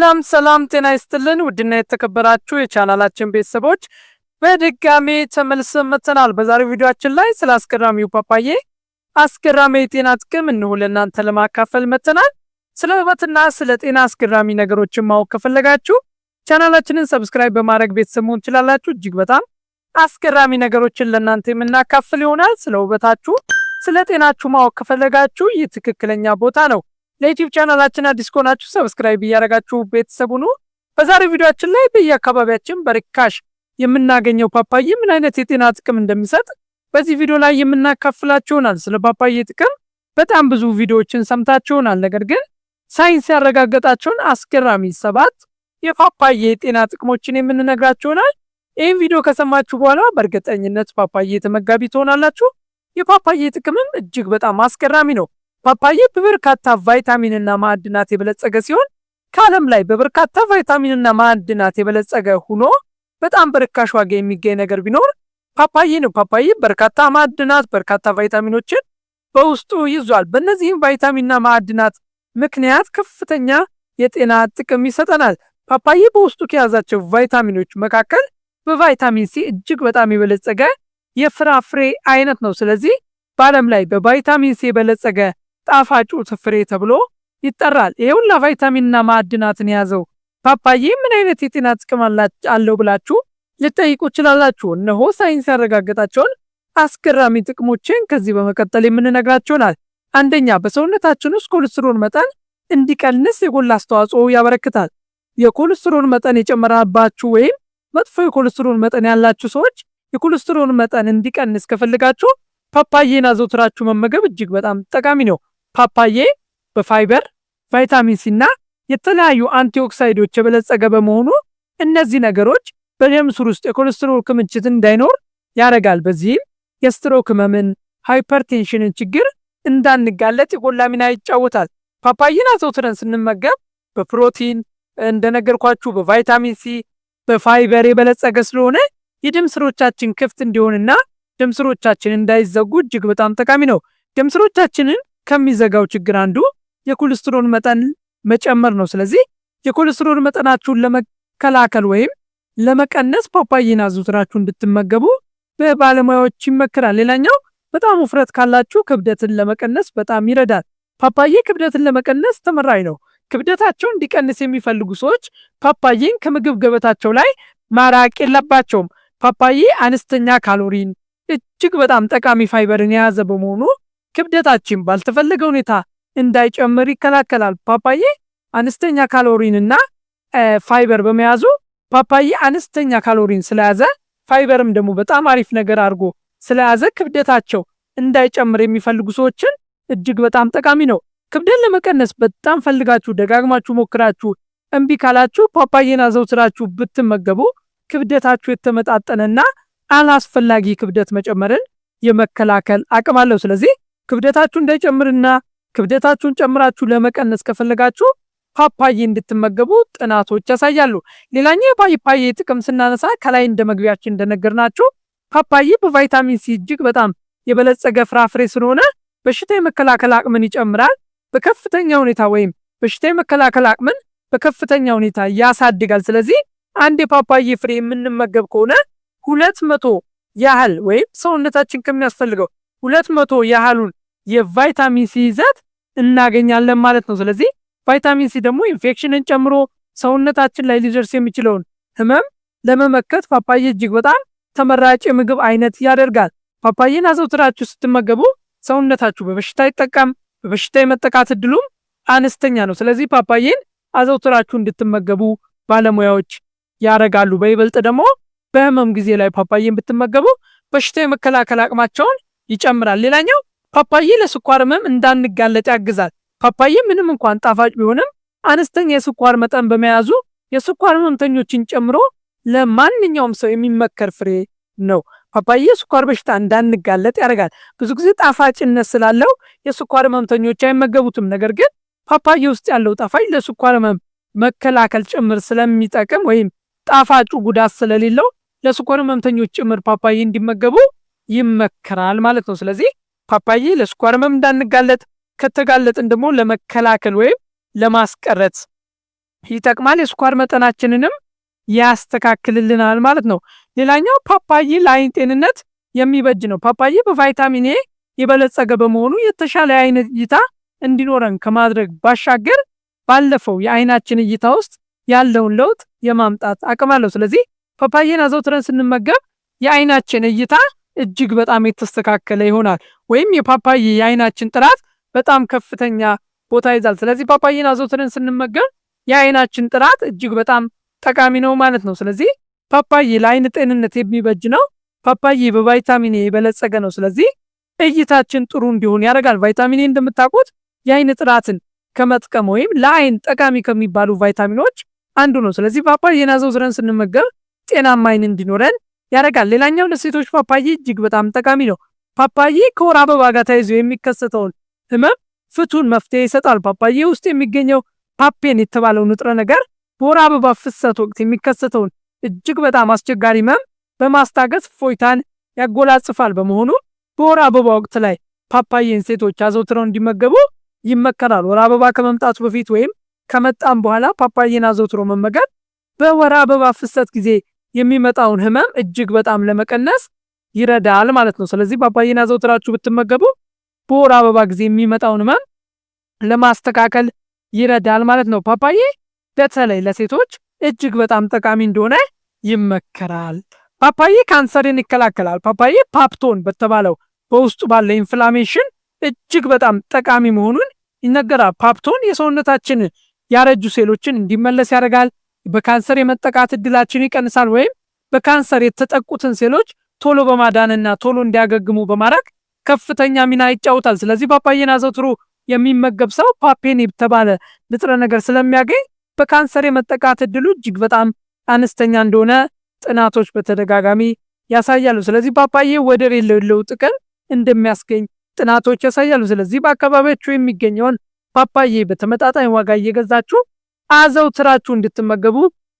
ሰላም ሰላም፣ ጤና ይስጥልን ውድና የተከበራችሁ የቻናላችን ቤተሰቦች በድጋሜ ተመልሰን መጥተናል። በዛሬው ቪዲዮአችን ላይ ስለ አስገራሚው ፓፓዬ አስገራሚ የጤና ጥቅም እንሆ ለእናንተ ለማካፈል መጥተናል። ስለ ውበትና ስለ ጤና አስገራሚ ነገሮችን ማወቅ ከፈለጋችሁ ቻናላችንን ሰብስክራይብ በማድረግ ቤተሰብ መሆን ትችላላችሁ። እጅግ በጣም አስገራሚ ነገሮችን ለእናንተ የምናካፍል ይሆናል። ስለ ውበታችሁ ስለ ጤናችሁ ማወቅ ከፈለጋችሁ ይህ ትክክለኛ ቦታ ነው። ለዩቲዩብ ቻናላችን አዲስ ከሆናችሁ ሰብስክራይብ እያደረጋችሁ ቤተሰቡ ነው። በዛሬው ቪዲዮችን ላይ በየአካባቢያችን በርካሽ የምናገኘው ፓፓዬ ምን አይነት የጤና ጥቅም እንደሚሰጥ በዚህ ቪዲዮ ላይ የምናካፍላችሁናል። ስለ ፓፓዬ ጥቅም በጣም ብዙ ቪዲዮዎችን ሰምታችሁናል። ነገር ግን ሳይንስ ያረጋገጣቸውን አስገራሚ ሰባት የፓፓዬ የጤና ጥቅሞችን የምንነግራችሁናል። ይህን ቪዲዮ ከሰማችሁ በኋላ በእርግጠኝነት ፓፓዬ ተመጋቢ ትሆናላችሁ። የፓፓዬ ጥቅምም እጅግ በጣም አስገራሚ ነው። ፓፓዬ በበርካታ ቫይታሚንና ማዕድናት የበለጸገ ሲሆን ከዓለም ላይ በበርካታ ቫይታሚንና ማዕድናት የበለጸገ ሆኖ በጣም በርካሽ ዋጋ የሚገኝ ነገር ቢኖር ፓፓዬ ነው። ፓፓዬ በርካታ ማዕድናት፣ በርካታ ቫይታሚኖችን በውስጡ ይዟል። በእነዚህም ቫይታሚንና ማዕድናት ምክንያት ከፍተኛ የጤና ጥቅም ይሰጠናል። ፓፓዬ በውስጡ ከያዛቸው ቫይታሚኖች መካከል በቫይታሚን ሲ እጅግ በጣም የበለጸገ የፍራፍሬ አይነት ነው። ስለዚህ በዓለም ላይ በቫይታሚን ሲ የበለጸገ ጣፋጩ ፍሬ ተብሎ ይጠራል። ይሄ ሁላ ቫይታሚንና ማዕድናትን የያዘው ፓፓዬ ምን አይነት የጤና ጥቅም አለው ብላችሁ ልጠይቁ ይችላላችሁ። እነሆ ሳይንስ ያረጋገጣቸውን አስገራሚ ጥቅሞችን ከዚህ በመቀጠል የምንነግራችሁናል። አንደኛ በሰውነታችን ውስጥ ኮሌስትሮል መጠን እንዲቀንስ የጎላ አስተዋጽኦ ያበረክታል። የኮሌስትሮል መጠን የጨመረባችሁ ወይም መጥፎ የኮሌስትሮል መጠን ያላችሁ ሰዎች የኮሌስትሮል መጠን እንዲቀንስ ከፈልጋችሁ ፓፓዬን አዘውትራችሁ መመገብ እጅግ በጣም ጠቃሚ ነው። ፓፓዬ በፋይበር ቫይታሚን ሲና የተለያዩ አንቲኦክሳይዶች የበለጸገ በመሆኑ እነዚህ ነገሮች በደም ስር ውስጥ የኮሌስትሮል ክምችት እንዳይኖር ያደርጋል። በዚህም የስትሮክ ህመምን፣ ሃይፐርቴንሽንን ችግር እንዳንጋለጥ የጎላ ሚና ይጫወታል። ፓፓይን አዘውትረን ስንመገብ በፕሮቲን እንደነገርኳችሁ በቫይታሚን ሲ በፋይበር የበለጸገ ስለሆነ የደም ስሮቻችን ክፍት እንዲሆንና ደም ስሮቻችን እንዳይዘጉ እጅግ በጣም ጠቃሚ ነው። ደም ስሮቻችንን ከሚዘጋው ችግር አንዱ የኮሌስትሮል መጠን መጨመር ነው። ስለዚህ የኮሌስትሮል መጠናችሁን ለመከላከል ወይም ለመቀነስ ፓፓዬን አዘውትራችሁ እንድትመገቡ በባለሙያዎች ይመከራል። ሌላኛው በጣም ውፍረት ካላችሁ ክብደትን ለመቀነስ በጣም ይረዳል። ፓፓዬ ክብደትን ለመቀነስ ተመራጭ ነው። ክብደታቸው እንዲቀንስ የሚፈልጉ ሰዎች ፓፓዬን ከምግብ ገበታቸው ላይ ማራቅ የለባቸውም። ፓፓዬ አነስተኛ ካሎሪን፣ እጅግ በጣም ጠቃሚ ፋይበርን የያዘ በመሆኑ ክብደታችን ባልተፈለገ ሁኔታ እንዳይጨምር ይከላከላል። ፓፓዬ አነስተኛ ካሎሪንና ፋይበር በመያዙ ፓፓዬ አነስተኛ ካሎሪን ስለያዘ ፋይበርም ደግሞ በጣም አሪፍ ነገር አድርጎ ስለያዘ ክብደታቸው እንዳይጨምር የሚፈልጉ ሰዎችን እጅግ በጣም ጠቃሚ ነው። ክብደት ለመቀነስ በጣም ፈልጋችሁ ደጋግማችሁ ሞክራችሁ እምቢ ካላችሁ ፓፓዬን አዘውትራችሁ ብትመገቡ ክብደታችሁ የተመጣጠነና አላስፈላጊ ክብደት መጨመርን የመከላከል አቅም አለው። ስለዚህ ክብደታችሁ እንዳይጨምርና ክብደታችሁን ጨምራችሁ ለመቀነስ ከፈለጋችሁ ፓፓዬ እንድትመገቡ ጥናቶች ያሳያሉ። ሌላኛው የፓፓዬ ጥቅም ስናነሳ ከላይ እንደ መግቢያችን እንደነገርናችሁ ፓፓዬ በቫይታሚን ሲ እጅግ በጣም የበለጸገ ፍራፍሬ ስለሆነ በሽታ የመከላከል አቅምን ይጨምራል። በከፍተኛ ሁኔታ ወይም በሽታ የመከላከል አቅምን በከፍተኛ ሁኔታ ያሳድጋል። ስለዚህ አንድ የፓፓዬ ፍሬ የምንመገብ ከሆነ ሁለት መቶ ያህል ወይም ሰውነታችን ከሚያስፈልገው ሁለት መቶ ያህሉን የቫይታሚን ሲ ይዘት እናገኛለን ማለት ነው። ስለዚህ ቫይታሚን ሲ ደግሞ ኢንፌክሽንን ጨምሮ ሰውነታችን ላይ ሊደርስ የሚችለውን ህመም ለመመከት ፓፓዬ እጅግ በጣም ተመራጭ የምግብ አይነት ያደርጋል። ፓፓዬን አዘውትራችሁ ስትመገቡ ሰውነታችሁ በበሽታ ይጠቀም በበሽታ የመጠቃት እድሉም አነስተኛ ነው። ስለዚህ ፓፓዬን አዘውትራችሁ እንድትመገቡ ባለሙያዎች ያደርጋሉ። በይበልጥ ደግሞ በህመም ጊዜ ላይ ፓፓዬን ብትመገቡ በሽታ የመከላከል አቅማቸውን ይጨምራል። ሌላኛው ፓፓዬ ለስኳር ህመም እንዳንጋለጥ ያግዛል። ፓፓዬ ምንም እንኳን ጣፋጭ ቢሆንም አነስተኛ የስኳር መጠን በመያዙ የስኳር ህመምተኞችን ጨምሮ ለማንኛውም ሰው የሚመከር ፍሬ ነው። ፓፓዬ የስኳር በሽታ እንዳንጋለጥ ያደርጋል። ብዙ ጊዜ ጣፋጭነት ስላለው የስኳር ህመምተኞች አይመገቡትም። ነገር ግን ፓፓዬ ውስጥ ያለው ጣፋጭ ለስኳር ህመም መከላከል ጭምር ስለሚጠቅም ወይም ጣፋጩ ጉዳት ስለሌለው ለስኳር ህመምተኞች ጭምር ፓፓዬ እንዲመገቡ ይመከራል ማለት ነው። ስለዚህ ፓፓዬ ለስኳር ህመም እንዳንጋለጥ ከተጋለጥን ደግሞ ለመከላከል ወይም ለማስቀረት ይጠቅማል። የስኳር መጠናችንንም ያስተካክልልናል ማለት ነው። ሌላኛው ፓፓዬ ለአይን ጤንነት የሚበጅ ነው። ፓፓዬ በቫይታሚን ኤ የበለጸገ በመሆኑ የተሻለ የአይን እይታ እንዲኖረን ከማድረግ ባሻገር ባለፈው የአይናችን እይታ ውስጥ ያለውን ለውጥ የማምጣት አቅም አለው። ስለዚህ ፓፓዬን አዘውትረን ስንመገብ የአይናችን እይታ እጅግ በጣም የተስተካከለ ይሆናል። ወይም የፓፓዬ የአይናችን ጥራት በጣም ከፍተኛ ቦታ ይዛል። ስለዚህ ፓፓዬን አዘውትረን ስንመገብ የአይናችን ጥራት እጅግ በጣም ጠቃሚ ነው ማለት ነው። ስለዚህ ፓፓዬ ለአይን ጤንነት የሚበጅ ነው። ፓፓዬ በቫይታሚን የበለጸገ ነው። ስለዚህ እይታችን ጥሩ እንዲሆን ያደርጋል። ቫይታሚን እንደምታውቁት የአይን ጥራትን ከመጥቀም ወይም ለአይን ጠቃሚ ከሚባሉ ቫይታሚኖች አንዱ ነው። ስለዚህ ፓፓዬን አዘውትረን ስንመገብ ጤናማ አይን እንዲኖረን ያደርጋል። ሌላኛው ለሴቶች ፓፓዬ እጅግ በጣም ጠቃሚ ነው። ፓፓዬ ከወር አበባ ጋር ተያይዞ የሚከሰተውን ህመም ፍቱን መፍትሄ ይሰጣል። ፓፓዬ ውስጥ የሚገኘው ፓፔን የተባለው ንጥረ ነገር በወር አበባ ፍሰት ወቅት የሚከሰተውን እጅግ በጣም አስቸጋሪ ህመም በማስታገስ ፎይታን ያጎላጽፋል በመሆኑ በወር አበባ ወቅት ላይ ፓፓዬን ሴቶች አዘውትረው እንዲመገቡ ይመከራል። ወር አበባ ከመምጣቱ በፊት ወይም ከመጣም በኋላ ፓፓዬን አዘውትሮ መመገብ በወር አበባ ፍሰት ጊዜ የሚመጣውን ህመም እጅግ በጣም ለመቀነስ ይረዳል ማለት ነው። ስለዚህ ፓፓዬን አዘውትራችሁ ብትመገቡ በወር አበባ ጊዜ የሚመጣውን ህመም ለማስተካከል ይረዳል ማለት ነው። ፓፓዬ በተለይ ለሴቶች እጅግ በጣም ጠቃሚ እንደሆነ ይመከራል። ፓፓዬ ካንሰርን ይከላከላል። ፓፓዬ ፓፕቶን በተባለው በውስጡ ባለ ኢንፍላሜሽን እጅግ በጣም ጠቃሚ መሆኑን ይነገራል። ፓፕቶን የሰውነታችን ያረጁ ሴሎችን እንዲመለስ ያደርጋል። በካንሰር የመጠቃት እድላችን ይቀንሳል ወይም በካንሰር የተጠቁትን ሴሎች ቶሎ በማዳንና ቶሎ እንዲያገግሙ በማድረግ ከፍተኛ ሚና ይጫወታል። ስለዚህ ፓፓዬን አዘውትሮ የሚመገብ ሰው ፓፔን የተባለ ንጥረ ነገር ስለሚያገኝ በካንሰር የመጠቃት እድሉ እጅግ በጣም አነስተኛ እንደሆነ ጥናቶች በተደጋጋሚ ያሳያሉ። ስለዚህ ፓፓዬ ወደር የሌለው ጥቅም እንደሚያስገኝ ጥናቶች ያሳያሉ። ስለዚህ በአካባቢያችሁ የሚገኘውን ፓፓዬ በተመጣጣኝ ዋጋ እየገዛችሁ አዘውትራችሁ እንድትመገቡ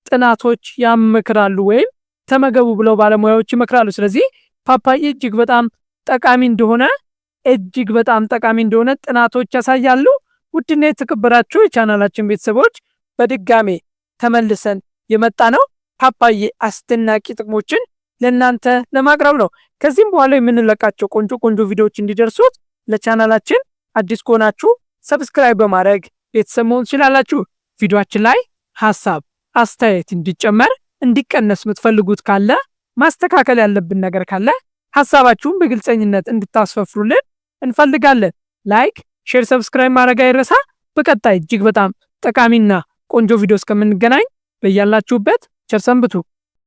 ጥናቶች ያመክራሉ ወይም ተመገቡ ብለው ባለሙያዎች ይመክራሉ። ስለዚህ ፓፓዬ እጅግ በጣም ጠቃሚ እንደሆነ እጅግ በጣም ጠቃሚ እንደሆነ ጥናቶች ያሳያሉ። ውድና የተከበራችሁ የቻናላችን ቤተሰቦች በድጋሜ ተመልሰን የመጣ ነው ፓፓዬ አስደናቂ ጥቅሞችን ለእናንተ ለማቅረብ ነው። ከዚህም በኋላ የምንለቃቸው ቆንጆ ቆንጆ ቪዲዮዎች እንዲደርሱት ለቻናላችን አዲስ ከሆናችሁ ሰብስክራይብ በማድረግ ቤተሰብ መሆን ትችላላችሁ። ቪዲዮችን ላይ ሀሳብ አስተያየት እንዲጨመር እንዲቀነስ የምትፈልጉት ካለ ማስተካከል ያለብን ነገር ካለ ሀሳባችሁን በግልጸኝነት እንድታስፈፍሩልን እንፈልጋለን። ላይክ፣ ሼር፣ ሰብስክራይብ ማድረግ አይረሳ። በቀጣይ እጅግ በጣም ጠቃሚና ቆንጆ ቪዲዮ እስከምንገናኝ በያላችሁበት ቸር ሰንብቱ።